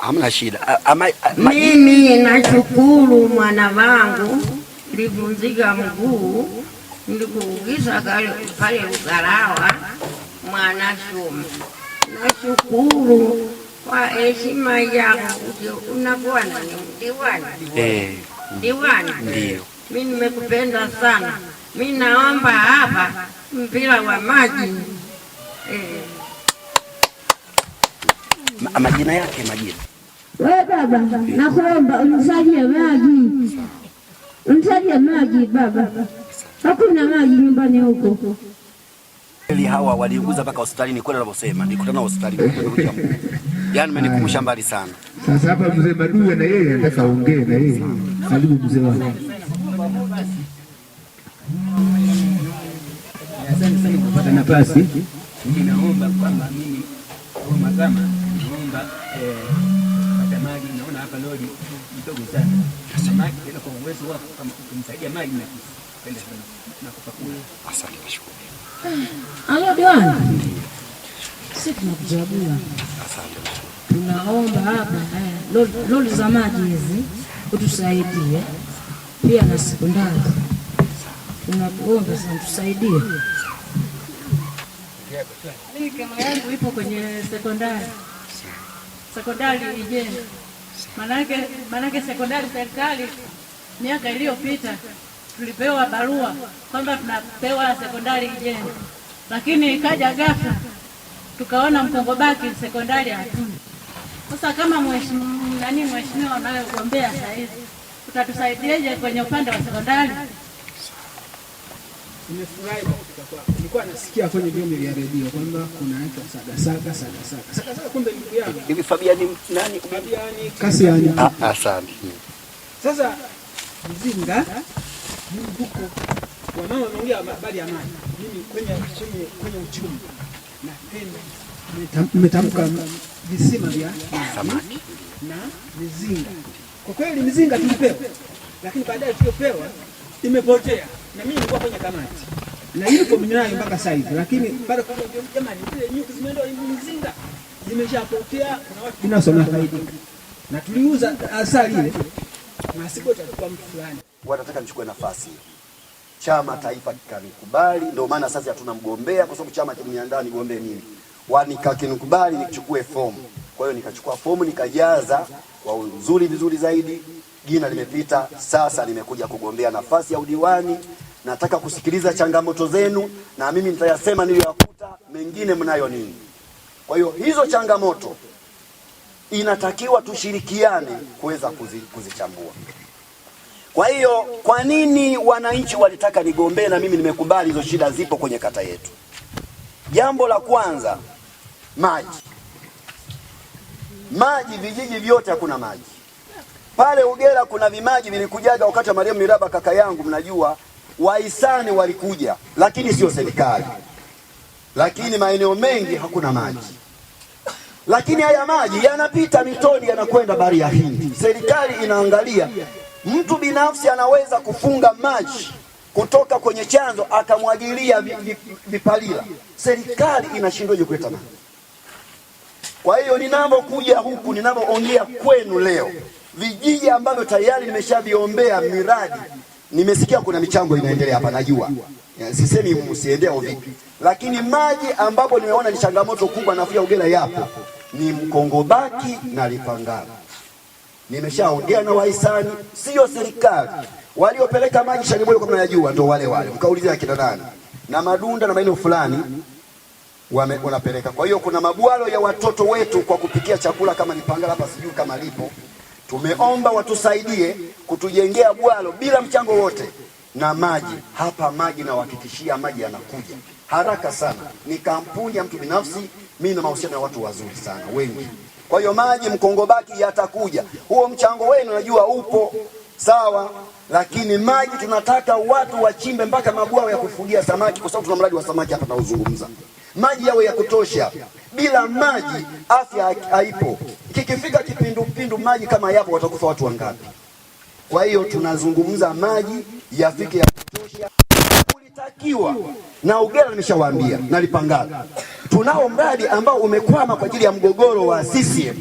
hamna shida. Mimi nashukuru mwana wangu livunzika mguu, nilikuugiza pale Ugalawa shume, Nashukuru kwa heshima yako, unakuwa na diwani, eh. diwani ndio mimi nimekupenda sana. Mimi naomba hapa mpira wa maji eh. Ma, majina yake majina we baba, nakuomba unisaidie maji, unisaidie maji baba, hakuna maji nyumbani huko. Hawa waliunguza mpaka hospitalini kwenda, wanavyosema nikutana hospitalini, yaani menikumusha mbali sana. Sasa hapa mzee Maduya na yeye anataka aongee na yeye, karibu mzee wangu. kupata nafasi, ninaomba kwamba mimi kama naomba eh, kalori kidogo sana. Samaki tena kwa uwezo wako kama kumsaidia maji na kwenda na kupakua. Asante nashukuru. Halo diwani. Sisi tunakuchagua. Asante. Tunaomba hapa eh, lori za maji hizi utusaidie pia na sekondari. Tunakuomba sana tusaidie. Mimi kama yangu ipo kwenye sekondari. Sekondari ijenge. Manake, manake sekondari serikali miaka iliyopita tulipewa barua kwamba tunapewa sekondari ijenge, lakini ikaja ghafla tukaona Mkongobaki sekondari hatuna. Sasa kama mheshimiwa nani, mheshimiwa anayogombea sasa hivi utatusaidiaje kwenye upande wa sekondari? Nimefurahi kwa kufika kwako. Nilikuwa nasikia kwenye vyombo vya redio kwamba kuna watu saga saga saga saga. Saga saga kumbe ndugu yangu. Hivi Fabiani nani? Fabiani Kasiani. Ah, asante. Sasa mzinga mbuko wa mama anaongea habari ya maji. Mimi kwenye uchumi kwenye uchumi napenda mmetamka visima vya samaki na mizinga. Kwa kweli mizinga tulipewa, lakini baadaye tuliopewa imepotea na mimi nilikuwa kwenye kamati na yuko mnyayo mpaka sasa hivi, lakini bado kama jamani, zile nyuki zimeenda Mzinga zimeshapotea, kuna watu na tuliuza asali ile tatakuwa mtu fulani wanataka nichukue nafasi chama taifa kikanikubali, ndio maana sasa hatuna mgombea kwa sababu chama kimeniandaa nigombee mimi, wanikakinikubali nichukue fomu. Kwa hiyo nikachukua fomu nikajaza kwa uzuri vizuri zaidi jina limepita, sasa nimekuja kugombea nafasi ya udiwani. Nataka kusikiliza changamoto zenu, na mimi nitayasema niliyoyakuta, mengine mnayo nini. Kwa hiyo hizo changamoto inatakiwa tushirikiane kuweza kuzichambua. Kwa hiyo, kwa nini wananchi walitaka nigombee na mimi nimekubali? Hizo shida zipo kwenye kata yetu. Jambo la kwanza, maji. Maji, vijiji vyote hakuna maji pale Ugera kuna vimaji vilikujaga wakati wa Mariam Miraba, kaka yangu, mnajua wahisani walikuja, lakini sio serikali, lakini maeneo mengi hakuna maji, lakini haya maji yanapita mitoni yanakwenda bahari ya Hindi. Serikali inaangalia, mtu binafsi anaweza kufunga maji kutoka kwenye chanzo akamwagilia vipalila, serikali inashindwaje kuleta maji? Kwa hiyo ninavyokuja huku, ninavyoongea kwenu leo vijiji ambavyo tayari nimeshaviombea miradi, nimesikia kuna michango inaendelea hapa, najua sisemi msiendea vipi, lakini maji ambapo nimeona ni changamoto kubwa, nafuya ugela yapo ni Mkongobaki na Lipangala. Nimeshaongea na wahisani, sio serikali, waliopeleka maji Shalimwele, kama najua ndio wale wale, mkaulizia kina nani na Madunda na maeneo fulani wanapeleka. Kwa hiyo kuna mabwalo ya watoto wetu kwa kupikia chakula kama Lipangala hapa, sijui kama lipo. Tumeomba watusaidie kutujengea bwalo bila mchango wote na maji hapa. Maji nawahakikishia, maji yanakuja haraka sana. Ni kampuni ya mtu binafsi, mimi na mahusiano ya watu wazuri sana wengi. Kwa hiyo maji Mkongobaki yatakuja, huo mchango wenu najua upo sawa, lakini maji tunataka watu wachimbe mpaka mabwawa ya kufugia samaki, kwa sababu tuna mradi wa samaki hapa tunaozungumza, maji yawe ya kutosha. Bila maji afya haipo. Kikifika kipindupindu, maji kama yapo, watakufa watu wangapi? Kwa hiyo tunazungumza maji yafike ya kutosha kulitakiwa na Ugera, nimeshawaambia na Lipangala tunao mradi ambao umekwama kwa ajili ya mgogoro wa CCM,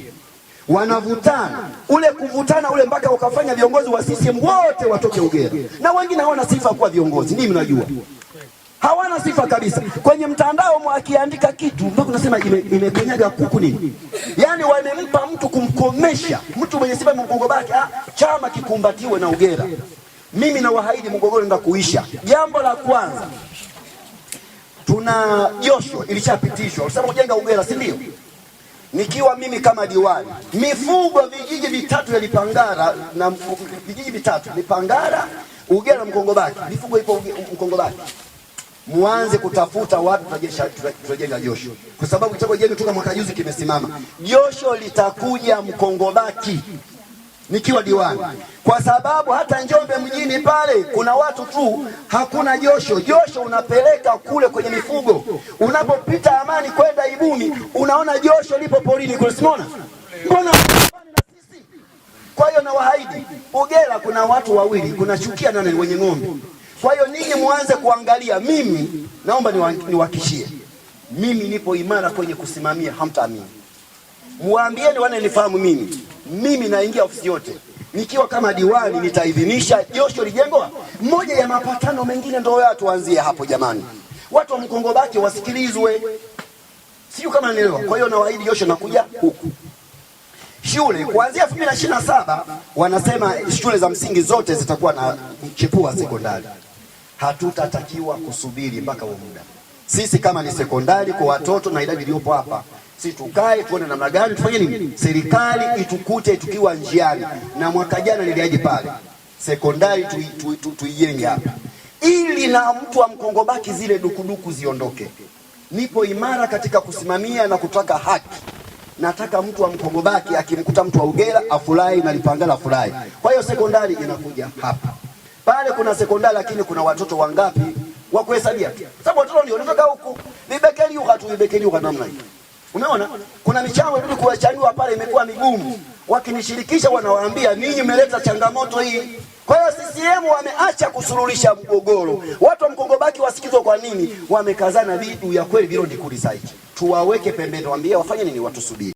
wanavutana ule kuvutana ule mpaka ukafanya viongozi wa CCM wote watoke Ugera, na wengi naona sifa kuwa viongozi, mimi najua hawana sifa kabisa. Kwenye mtandao mwakiandika kitu mpaka unasema imekanyaga ime kuku nini? Yaani wamempa mtu kumkomesha mtu mwenye sifa mgogobaki. Ah, chama kikumbatiwe na Ugera. Mimi na wahaidi mgogoro ndio kuisha. Jambo la kwanza tuna josho ilishapitishwa, ulisema kujenga Ugera, si ndio? Nikiwa mimi kama diwani, mifugo vijiji vitatu ya Lipangara na vijiji vitatu Lipangara, Ugera, Mkongobaki, mifugo ipo Mkongobaki muanze kutafuta wapi tutajenga josho, kwa sababu kitakojenga toka mwaka juzi kimesimama. Josho litakuja Mkongobaki nikiwa diwani, kwa sababu hata Njombe mjini pale kuna watu tu, hakuna josho. Josho unapeleka kule kwenye mifugo, unapopita Amani kwenda Ibuni unaona josho lipo porini kule, simona mbona kwa hiyo na wahaidi Ugera kuna watu wawili, kuna chukia nane wenye ng'ombe kwa hiyo ninyi mwanze kuangalia. Mimi naomba niwakishie mimi nipo imara kwenye kusimamia, hamtaamini. Muambieni wananifahamu mimi, mimi naingia ofisi yote nikiwa kama diwani nitaidhinisha josho lijengwa. Moja ya mapatano mengine ndio ya tuanzie hapo jamani, watu wa Mkongobaki wasikilizwe, sio kama nielewa. Kwa hiyo nawaahidi josho nakuja huku shule kuanzia saba wanasema shule za msingi zote zitakuwa na chepua sekondari hatutatakiwa kusubiri mpaka huo muda. Sisi kama ni sekondari kwa watoto na idadi iliyopo hapa, si tukae tuone namna gani tufanye nini, serikali itukute tukiwa njiani. Na mwaka jana niliaje pale sekondari tuijenge tu, tu, tu hapa, ili na mtu wa Mkongobaki zile dukuduku ziondoke. Nipo imara katika kusimamia na kutaka haki. Nataka mtu wa Mkongobaki akimkuta mtu wa Ugera afurahi na Lipangala afurahi. Kwa hiyo sekondari inakuja hapa pale kuna sekondari, lakini kuna watoto wangapi wa kuhesabia? Sababu watoto ndio huku huko tu, huko namna hiyo. Umeona kuna michango ndio kuachaniwa pale, imekuwa migumu. Wakinishirikisha wanawaambia ninyi mmeleta changamoto hii. Kwa hiyo CCM wameacha kusuluhisha mgogoro. Watu wa Mkongobaki wasikizwe. Kwa nini wamekazana vitu ya kweli? Virondi kulisaiti tuwaweke pembeni, waambie wafanye nini, watusubiri.